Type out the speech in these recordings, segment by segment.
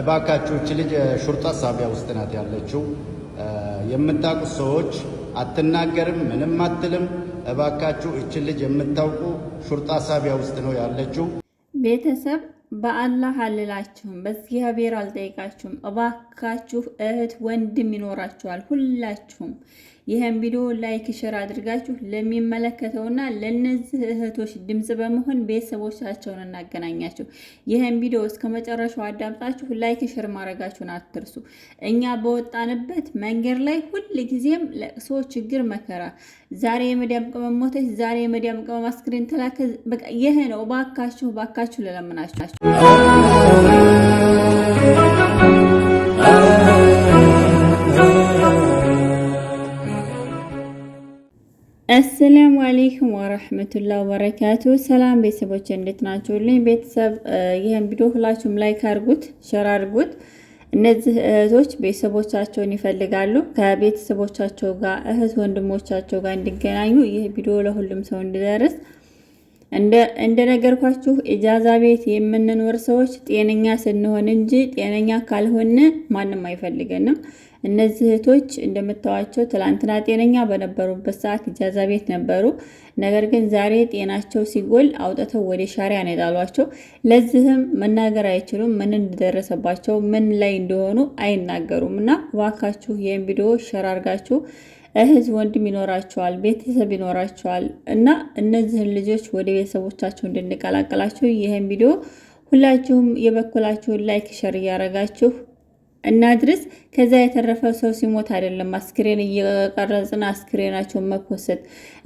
እባካችሁች እች ልጅ ሹርጣ ሳቢያ ውስጥ ናት ያለችው። የምታውቁ ሰዎች አትናገርም፣ ምንም አትልም። እባካችሁ እች ልጅ የምታውቁ ሹርጣ ሳቢያ ውስጥ ነው ያለችው። ቤተሰብ በአላህ አልላችሁም፣ በእግዚአብሔር አልጠይቃችሁም። እባካችሁ እህት ወንድም ይኖራችኋል ሁላችሁም ይህን ቪዲዮ ላይክ፣ ሼር አድርጋችሁ ለሚመለከተውና ለነዚህ እህቶች ድምጽ በመሆን ቤተሰቦቻቸውን እናገናኛቸው። ይህን ቪዲዮ እስከ መጨረሻው አዳምጣችሁ ላይክ፣ ሼር ማድረጋችሁን አትርሱ። እኛ በወጣንበት መንገድ ላይ ሁል ጊዜም ለቅሶ፣ ችግር፣ መከራ ዛሬ የመዲያም ቅመም ሞተች፣ ዛሬ የመዲያም ቅመም አስክሬን ተላከ። በቃ ይሄ ነው። ባካችሁ ባካችሁ ልለምናችሁ አሰላሙ አሌይኩም ወረህመቱላ ወበረካቱ። ሰላም ቤተሰቦች እንዴት ናችሁልኝ? ቤተሰብ ይህን ቪዲዮ ሁላችሁም ላይክ አድርጉት፣ ሸር አድርጉት። እነዚህ እህቶች ቤተሰቦቻቸውን ይፈልጋሉ። ከቤተሰቦቻቸው ጋር እህት ወንድሞቻቸው ጋር እንዲገናኙ ይህ ቪዲዮ ለሁሉም ሰው እንዲደርስ እንደነገርኳችሁ ኢጃዛ ቤት የምንኖር ሰዎች ጤነኛ ስንሆን እንጂ ጤነኛ ካልሆነ ማንም አይፈልገንም። እነዚህ እህቶች እንደምታዋቸው ትላንትና ጤነኛ በነበሩበት ሰዓት ኢጃዛ ቤት ነበሩ። ነገር ግን ዛሬ ጤናቸው ሲጎል አውጥተው ወደ ሻሪያ ነው የጣሏቸው። ለዚህም መናገር አይችሉም። ምን እንደደረሰባቸው ምን ላይ እንደሆኑ አይናገሩም። እና እባካችሁ ይህን ቪዲዮ ሸር አድርጋችሁ እህዝ ወንድም ይኖራቸዋል፣ ቤተሰብ ይኖራቸዋል እና እነዚህን ልጆች ወደ ቤተሰቦቻቸው እንድንቀላቀላችሁ ይህን ቪዲዮ ሁላችሁም የበኩላችሁን ላይክ ሸር እያረጋችሁ እና ድረስ ከዛ የተረፈ ሰው ሲሞት አይደለም አስክሬን እየቀረጽን አስክሬናቸውን መኮሰት።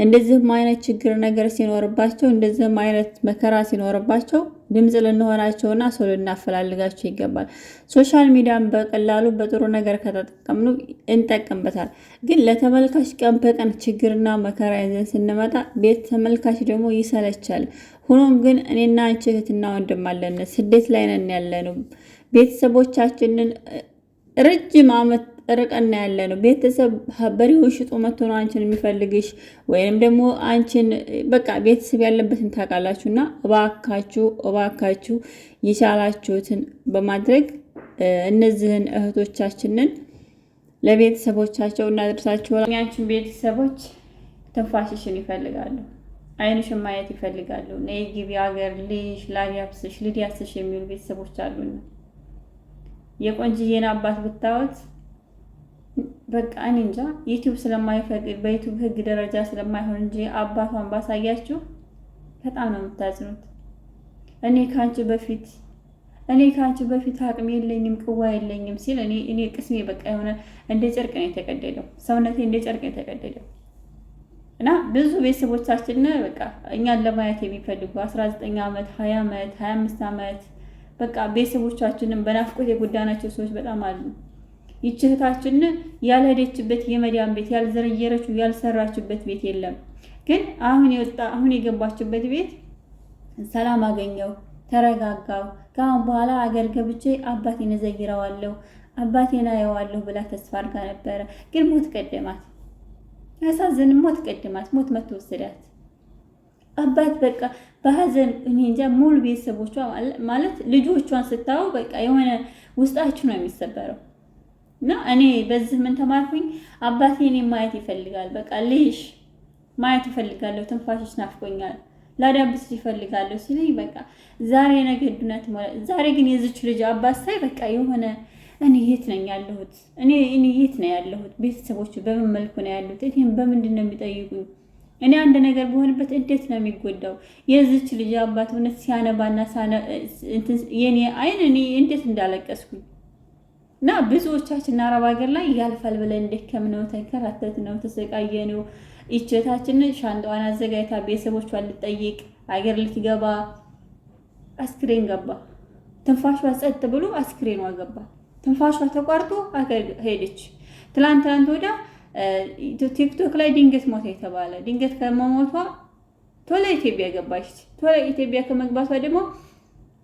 እንደዚህም አይነት ችግር ነገር ሲኖርባቸው፣ እንደዚህም አይነት መከራ ሲኖርባቸው ድምፅ ልንሆናቸውና ሰው ልናፈላልጋቸው ይገባል። ሶሻል ሚዲያን በቀላሉ በጥሩ ነገር ከተጠቀምኑ እንጠቀምበታል። ግን ለተመልካች ቀን በቀን ችግርና መከራ ይዘን ስንመጣ ቤት ተመልካች ደግሞ ይሰለቻል። ሆኖም ግን እኔና አንቺ እህትና ወንድም አለን፣ ስደት ላይ ነን ያለነው ቤተሰቦቻችንን ረጅም ዓመት ርቀና ያለ ነው። ቤተሰብ በሬውን ሽጦ መቶ ነው አንቺን የሚፈልግሽ ወይንም ደግሞ አንቺን በቃ ቤተሰብ ያለበትን ታውቃላችሁ። እና እባካችሁ እባካችሁ የቻላችሁትን በማድረግ እነዚህን እህቶቻችንን ለቤተሰቦቻቸው እናደርሳቸው። ያንቺን ቤተሰቦች ትንፋሽሽን ይፈልጋሉ፣ አይንሽን ማየት ይፈልጋሉ። ነይ ግቢ አገር ልሽ ላብ ያብስሽ የሚሉ ቤተሰቦች አሉና የቆንጅዬን አባት ብታዩት በቃ እኔ እንጃ ዩቲዩብ ስለማይፈቅድ በዩቲዩብ ህግ ደረጃ ስለማይሆን እንጂ አባቷን ባሳያችሁ በጣም ነው የምታዝኑት። እኔ ከአንቺ በፊት እኔ ከአንቺ በፊት አቅም የለኝም ቅዋ የለኝም ሲል እኔ እኔ ቅስሜ በቃ የሆነ እንደ ጨርቅ ነው የተቀደደው፣ ሰውነቴ እንደ ጨርቅ ነው የተቀደደው እና ብዙ ቤተሰቦቻችን በቃ እኛን ለማየት የሚፈልጉ 19 ዓመት 20 ዓመት 25 ዓመት በቃ ቤተሰቦቻችንን በናፍቆት የጎዳናቸው ሰዎች በጣም አሉ። ይች እህታችን ያልሄደችበት የመዳን ቤት ያልዘረየረችው ያልሰራችበት ቤት የለም። ግን አሁን የወጣ አሁን የገባችበት ቤት ሰላም አገኘው፣ ተረጋጋው፣ ከአሁን በኋላ አገር ገብቼ አባቴን እዘይረዋለሁ፣ አባቴን አየዋለሁ ብላ ተስፋ አድርጋ ነበረ። ግን ሞት ቀደማት። ያሳዝን ሞት ቀደማት። ሞት ወሰዳት አባት በቃ በሀዘን እኔ እንጃ ሙሉ ቤተሰቦቿ ማለት ልጆቿን ስታው በቃ የሆነ ውስጣችሁ ነው የሚሰበረው። እና እኔ በዚህ ምን ተማርኩኝ? አባቴ እኔ ማየት ይፈልጋል። በቃ ልሽ ማየት ይፈልጋለሁ። ትንፋሽሽ ናፍቆኛል። ላዳብስ ይፈልጋለሁ ሲለኝ በቃ ዛሬ ነገ ዱነት ዛሬ ግን የዚች ልጅ አባት ሳይ በቃ የሆነ እኔ የት ነኝ ያለሁት? እኔ እኔ የት ነው ያለሁት? ቤተሰቦች በምን መልኩ ነው ያሉት? ይህም በምንድን ነው የሚጠይቁኝ? እኔ አንድ ነገር በሆንበት እንዴት ነው የሚጎዳው? የዚች ልጅ አባት እውነት ሲያነባና የኔ አይን እኔ እንዴት እንዳለቀስኩኝ እና ብዙዎቻችን አረብ ሀገር ላይ ያልፋል ብለን እንደከምነው ተንከራተት ነው ተሰቃየ ነው። ይቸታችን ሻንጣዋን አዘጋጅታ ቤተሰቦቿን ልጠይቅ አገር ልትገባ አስክሬን ገባ። ትንፋሿ ጸጥ ብሎ አስክሬኗ ገባ። ትንፋሿ ተቋርጦ አገር ሄደች። ትላንት ትላንት ወዳ ቲክቶክ ላይ ድንገት ሞታ የተባለ ድንገት ከመሞቷ ቶሎ ኢትዮጵያ ገባች። ቶሎ ኢትዮጵያ ከመግባቷ ደግሞ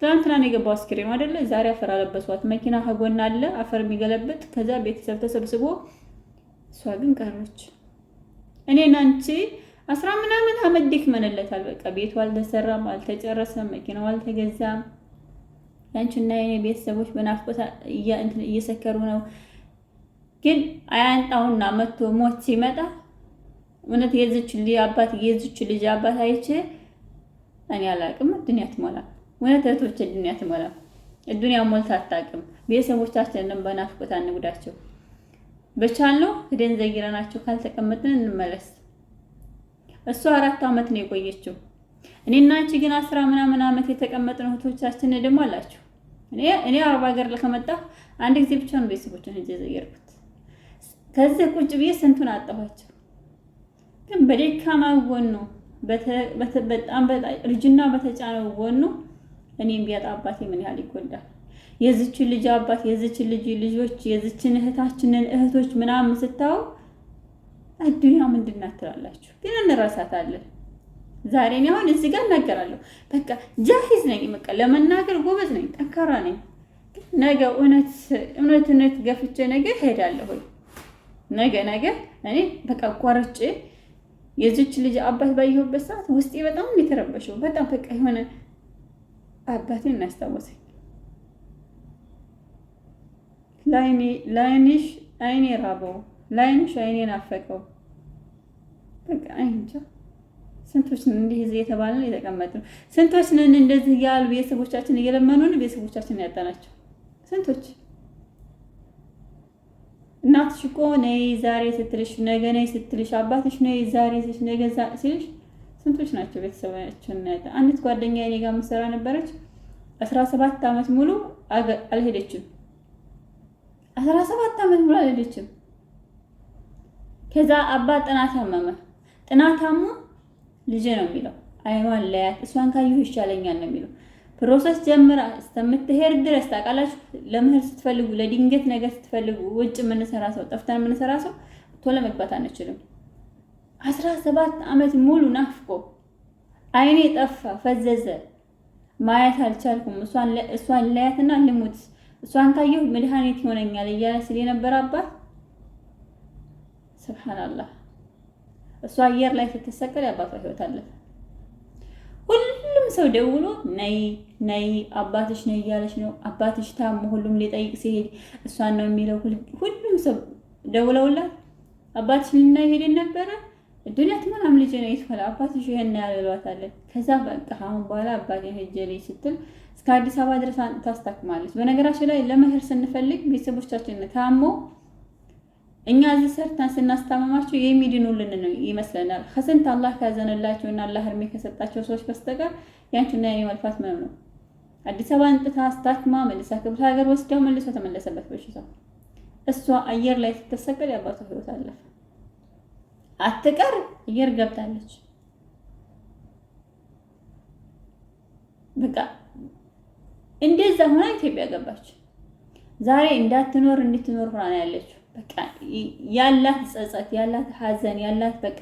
ትናንትና ነው የገባው አስክሬን አይደለ? ዛሬ አፈር አለበሷት። መኪና ከጎና አለ አፈር የሚገለብጥ ከዛ ቤተሰብ ተሰብስቦ፣ እሷ ግን ቀረች። እኔን አንቺ አስራ ምናምን አመት ደክመንለታል። በቃ ቤቱ አልተሰራም፣ አልተጨረሰም፣ መኪናው አልተገዛም። ያንቺና የኔ ቤተሰቦች በናፍቆት እየሰከሩ ነው ግን አያንጣውና መቶ ሞት ሲመጣ እውነት የዝች ልጅ አባት የዝች ልጅ አባት አይቼ እኔ አላቅም። ዱንያ ትሞላ እውነት እህቶቼ፣ ዱንያ ትሞላ። ዱንያ ሞልታ አታውቅም። ቤተሰቦቻችንን በናፍቆት አንጉዳቸው። በቻልነው ሂደን ዘይረናቸው ካልተቀመጥን እንመለስ። እሱ አራት ዓመት ነው የቆየችው። እኔና አንቺ ግን አስራ ምናምን ዓመት የተቀመጥን እህቶቻችን ደግሞ አላችሁ። እኔ አረብ ሀገር ከመጣሁ አንድ ጊዜ ብቻ ነው ቤተሰቦችን ሂጄ ዘየርኩት። ከዚህ ቁጭ ብዬ ስንቱን አጠፋቸው። ግን በደካማ ጎኑ በጣም እርጅና በተጫነው ጎኑ እኔም ቢያጣ አባቴ ምን ያህል ይጎዳል። የዝችን ልጅ አባት፣ የዝችን ልጅ ልጆች፣ የዝችን እህታችንን እህቶች ምናምን ስታው አዱኛ ምንድን ናት ትላላችሁ። ግን እንረሳታለን። ዛሬ እኔ አሁን እዚህ ጋር እናገራለሁ። በቃ ጃሂዝ ነኝ፣ በቃ ለመናገር ጎበዝ ነኝ፣ ጠንካራ ነኝ። ነገ እውነት እውነት ገፍቼ ነገ እሄዳለሁ። ነገ ነገ እኔ በቃ ቋርጬ የዚች ልጅ አባት ባየሁበት ሰዓት ውስጤ በጣም የተረበሸው በጣም በቃ የሆነ አባቴን እናያስታወሰኝ ላይኒሽ አይኔ ራበው፣ ላይኒሽ አይኔ ናፈቀው። በቃ አይንቻ ስንቶች እንዲህ የተባለ ነው የተቀመጥ ነው። ስንቶች ነን እንደዚህ ያሉ ቤተሰቦቻችን እየለመኑን ቤተሰቦቻችን ያጣናቸው ስንቶች እናትሽ እኮ ነይ ዛሬ ስትልሽ ነገ ነይ ስትልሽ አባትሽ ነይ ዛሬ ስልሽ ነገ ሲልሽ ስንቶች ናቸው ቤተሰባችን ያለ። አንዲት ጓደኛ እኔ ጋር የምትሰራ ነበረች። አስራ ሰባት ዓመት ሙሉ አልሄደችም። አስራ ሰባት ዓመት ሙሉ አልሄደችም። ከዛ አባት ጥናት አመመ። ጥናታሙ ልጄ ነው የሚለው አይኗን ለያት፣ እሷን ካየሁ ይሻለኛል ነው የሚለው ፕሮሰስ ጀምራ እስከምትሄድ ድረስ ታውቃላችሁ። ለምህር ስትፈልጉ፣ ለድንገት ነገር ስትፈልጉ፣ ውጭ የምንሰራ ሰው ጠፍተን የምንሰራ ሰው ቶሎ መግባት አንችልም። አስራ ሰባት ዓመት ሙሉ ናፍቆ አይኔ ጠፋ ፈዘዘ ማየት አልቻልኩም። እሷን ላያትና ልሙት እሷን ካየሁ መድኃኒት ይሆነኛል እያለ ስል የነበረ አባት ስብሓናላህ። እሷ አየር ላይ ስትሰቀል የአባቷ ህይወት አለፈ። ሰው ደውሎ ነይ ነይ አባትሽ ነይ እያለች ነው። አባትሽ ታሞ ሁሉም ሊጠይቅ ሲሄድ እሷን ነው የሚለው። ሁሉም ሰው ደውለውላት አባትሽ ልናይ ሄደን ነበረ ዱንያት ምናምን ልጅ ነው ይትፈላ አባትሽ ይሄን ያለሏታለን። ከዛ በቃ አሁን በኋላ አባቴ ሄጄ ስትል እስከ አዲስ አበባ ድረስ ታስታክማለች። በነገራችን ላይ ለመሄድ ስንፈልግ ቤተሰቦቻችን ታሞ እኛ እዚህ ሰርተን ስናስታመማቸው የሚድኑልን ነው ይመስለናል። ከስንት አላህ ካዘነላቸው እና አላህ እርሜ ከሰጣቸው ሰዎች በስተቀር ያንቺና የኔ መልፋት ምንም ነው። አዲስ አበባ እንጥታ አስታክማ መልሳ ክብር ሀገር ወስደው መልሶ ተመለሰበት በሽታ። እሷ አየር ላይ ስትሰቀል ያባቷ ህይወት አለፈ። አትቀር አየር ገብታለች። በቃ እንደዛ ሆና ኢትዮጵያ ገባች። ዛሬ እንዳትኖር እንድትኖር ሆና ያለችው። በቃ ያላት ጸጸት፣ ያላት ሀዘን፣ ያላት በቃ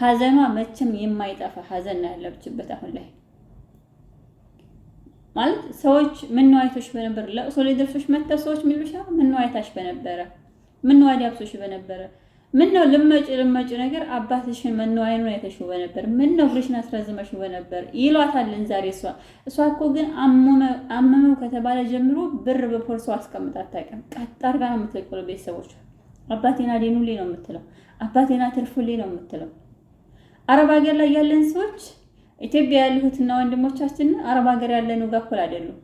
ሀዘኗ መቼም የማይጠፋ ሀዘን ነው ያለችበት አሁን ላይ ማለት ሰዎች ምነው አይቶሽ በነበረ ለቅሶ ላይ ደርሶሽ መጥተው ሰዎች የሚሉሻ ምነው አይታሽ በነበረ ምነው አዲያብሶሽ በነበረ ምን ነው ልመጭ ልመጭ ነገር አባትሽን ምን ነው አይኑን አይተሽው በነበር ምን ነው ብርሽን አስረዝመሽ በነበር ይሏታል። ዛሬ እሷ እሷ እኮ ግን አመመው ከተባለ ጀምሮ ብር በፖርሶ አስቀምጣ አታውቅም። ቀጣር ጋር ነው የምትለቅለው። ቤተሰቦቿ አባቴና ዴኑሌ ነው የምትለው፣ አባቴና ትርፉሌ ነው የምትለው። አረብ ሀገር ላይ ያለን ሰዎች ኢትዮጵያ ያለሁትና ወንድሞቻችን አረብ ሀገር ያለን ጋር እኩል አይደሉም።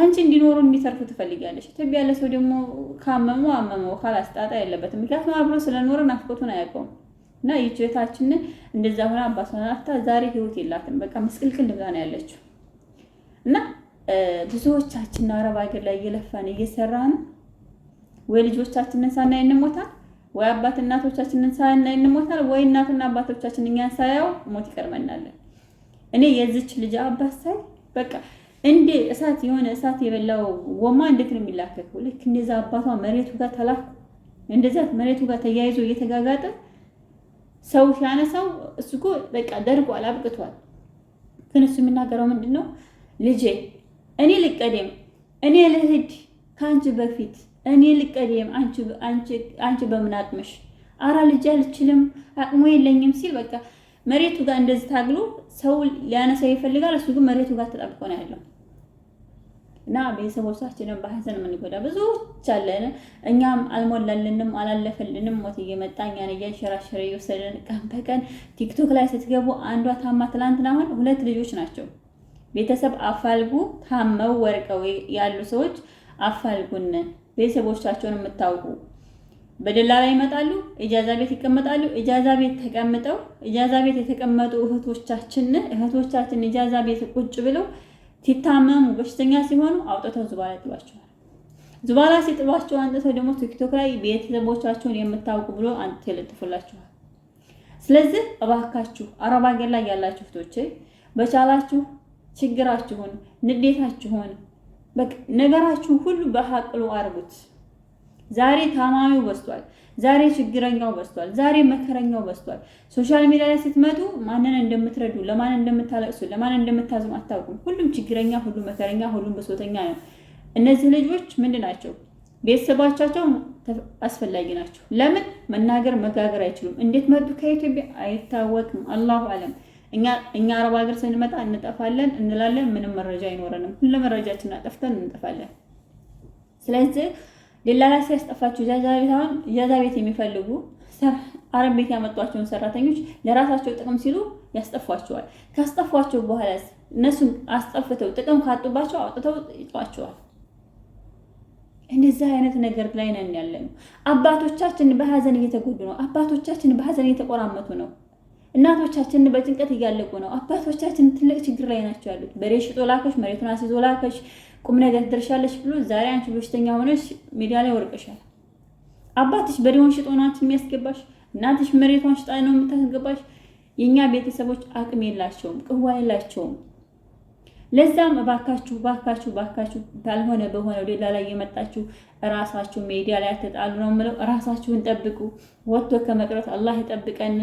አንቺ እንዲኖሩ እንዲተርፉ ትፈልጊያለሽ። ኢትዮጵያ ያለ ሰው ደግሞ ካመመው አመመው ካላስጣጣ የለበትም። ምክንያቱም አብሮ ስለኖረ ናፍቆቱን አያውቀውም። እና ይችታችን እንደዛ ሆና አባቷ ናፍታ ዛሬ ህይወት የላትም። በቃ ምስቅልቅል ብላ ነው ያለችው። እና ብዙዎቻችን አረብ ሀገር ላይ እየለፋን እየሰራን ወይ ልጆቻችንን ሳናይ እንሞታል፣ ወይ አባት እናቶቻችንን ሳናይ እንሞታል፣ ወይ እናትና አባቶቻችን እኛን ሳያው ሞት ይቀርመናል። እኔ የዚች ልጅ አባት ሳይ በቃ እንዴ እሳት የሆነ እሳት የበላው ጎማ እንዴት ነው የሚላከከው? ልክ እንደዛ አባቷ መሬቱ ጋር ተላክ እንደዛ መሬቱ ጋር ተያይዞ እየተጋጋጠ ሰው ሲያነሳው እሱ እኮ በቃ ደርቋል፣ አብቅቷል። ግን እሱ የሚናገረው ምንድን ነው? ልጄ እኔ ልቀደም፣ እኔ ልሂድ ከአንቺ በፊት እኔ ልቀደም፣ አንቺ በምን አቅምሽ? አራ ልጅ አልችልም፣ አቅሙ የለኝም ሲል በቃ መሬቱ ጋር እንደዚህ ታግሎ ሰው ሊያነሳው ይፈልጋል። እሱ ግን መሬቱ ጋር ተጣብቆ ነው ያለው። እና ቤተሰቦቻችንን በሀዘን የምንጎዳ ብዙዎች አለን። እኛም አልሞላልንም፣ አላለፈልንም። ሞት እየመጣ እኛን እያንሸራሸረ እየወሰደን ቀን በቀን ቲክቶክ ላይ ስትገቡ አንዷ ታማ ትላንትና፣ አሁን ሁለት ልጆች ናቸው ቤተሰብ አፋልጉ፣ ታመው ወርቀው ያሉ ሰዎች አፋልጉን። ቤተሰቦቻቸውን የምታውቁ በደላ ላይ ይመጣሉ፣ እጃዛ ቤት ይቀመጣሉ። እጃዛ ቤት ተቀምጠው እጃዛ ቤት የተቀመጡ እህቶቻችን እህቶቻችን እጃዛ ቤት ቁጭ ብለው ሲታመሙ በሽተኛ ሲሆኑ አውጥተው ዙባላ ይጥሏቸዋል ዙባላ ሲጥሏቸው አንጥተው ደግሞ ቲክቶክ ላይ ቤተሰቦቻቸውን የምታውቁ ብሎ አንተ ይለጥፉላችኋል። ስለዚህ እባካችሁ አረብ አገር ላይ ያላችሁ እህቶቼ በቻላችሁ ችግራችሁን፣ ንዴታችሁን፣ ነገራችሁን ሁሉ በሀቅሉ አርጉት። ዛሬ ታማሚው በዝቷል። ዛሬ ችግረኛው በስቷል ዛሬ መከረኛው በስቷል። ሶሻል ሚዲያ ላይ ስትመጡ ማንን እንደምትረዱ፣ ለማን እንደምታለቅሱ፣ ለማን እንደምታዝኑ አታውቁም። ሁሉም ችግረኛ፣ ሁሉም መከረኛ፣ ሁሉም ብሶተኛ ነው። እነዚህ ልጆች ምንድን ናቸው? ቤተሰባቻቸው አስፈላጊ ናቸው። ለምን መናገር መጋገር አይችሉም። እንዴት መጡ ከኢትዮጵያ አይታወቅም። አላሁ አለም። እኛ አረብ ሀገር ስንመጣ እንጠፋለን እንላለን። ምንም መረጃ አይኖረንም። ሁሉ መረጃችን አጠፍተን እንጠፋለን። ስለዚህ ደላላ ሲያስጠፋችሁ እዛ ቤት አሁን እዛ ቤት የሚፈልጉ አረብ ቤት ያመጧቸውን ሰራተኞች ለራሳቸው ጥቅም ሲሉ ያስጠፏቸዋል። ካስጠፏቸው በኋላ እነሱን አስጠፍተው ጥቅም ካጡባቸው አውጥተው ይጧቸዋል። እንደዚህ አይነት ነገር ላይ ነን ያለ ነው። አባቶቻችን በሀዘን እየተጎዱ ነው። አባቶቻችን በሀዘን እየተቆራመቱ ነው። እናቶቻችን በጭንቀት እያለቁ ነው። አባቶቻችን ትልቅ ችግር ላይ ናቸው ያሉት። በሬ ሽጦ ላከሽ፣ መሬቱን አስይዞ ላከሽ ቁም ነገር ትደርሻለች ብሎ ዛሬ አንቺ በሽተኛ ሆነሽ ሚዲያ ላይ ወርቀሻል። አባትሽ በሬውን ሽጦ ነው አንቺ የሚያስገባሽ። እናትሽ መሬቷን ሽጣ ነው የምታስገባሽ። የእኛ ቤተሰቦች አቅም የላቸውም፣ ቅዋ የላቸውም። ለዛም እባካችሁ ባካችሁ ባካችሁ ባልሆነ በሆነ ሌላ ላይ የመጣችሁ ራሳችሁ ሜዲያ ላይ አትጣሉ ነው የምለው። ራሳችሁን ጠብቁ። ወጥቶ ከመቅረት አላህ ይጠብቀን።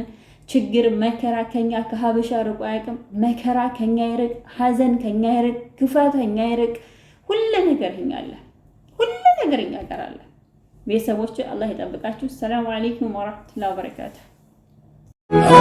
ችግር መከራ ከኛ ከሀበሻ ርቆ አያውቅም። መከራ ከኛ ይርቅ፣ ሀዘን ከኛ ይርቅ፣ ክፋት ከኛ ይርቅ። ሁለ ነገር እኛ ሁለ ነገር እኛ ቤተሰቦች አላህ ይጠብቃችሁ። ሰላሙ አለይኩም ወራህመቱላሂ ወበረካቱ።